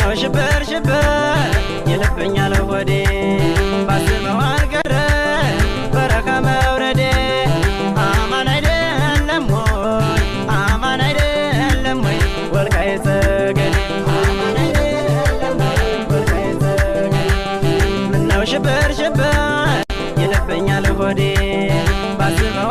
ነው ሽብር ሽብር ይልብኛል ሆዴ ባስበው አልቀረ በረካ መውረዴ አማን አይደለም ወይ አማን አይደለም ወይ ወልቃይት ጠገዴ ይልብኛል ሆዴ ባስበው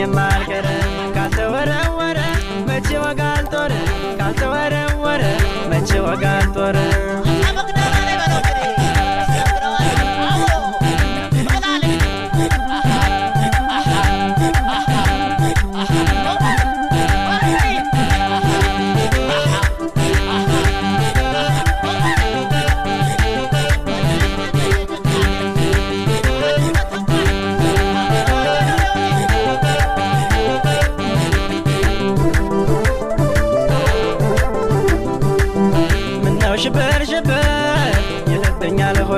не надо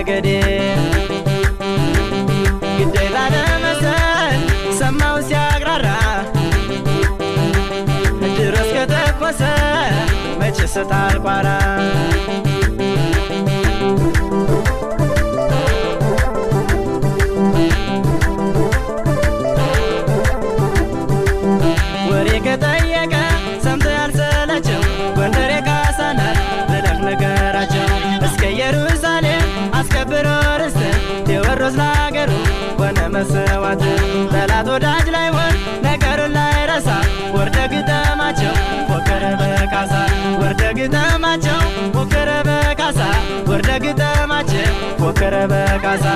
ነገዴ ግዴ ላለመሰል ሰማው ሲያግራራ ድረስ ከተኮሰ መቼ ስታልቋራ አባት ጠላት ወዳጅ ላይ ወር ነገሩን ላይ ረሳ ወርደ ግጠማቸው ፎከረ በካሳ ወርደ ግጠማቸው ፎከረ በካሳ ወርደ ግጠማቸው ፎከረ በካሳ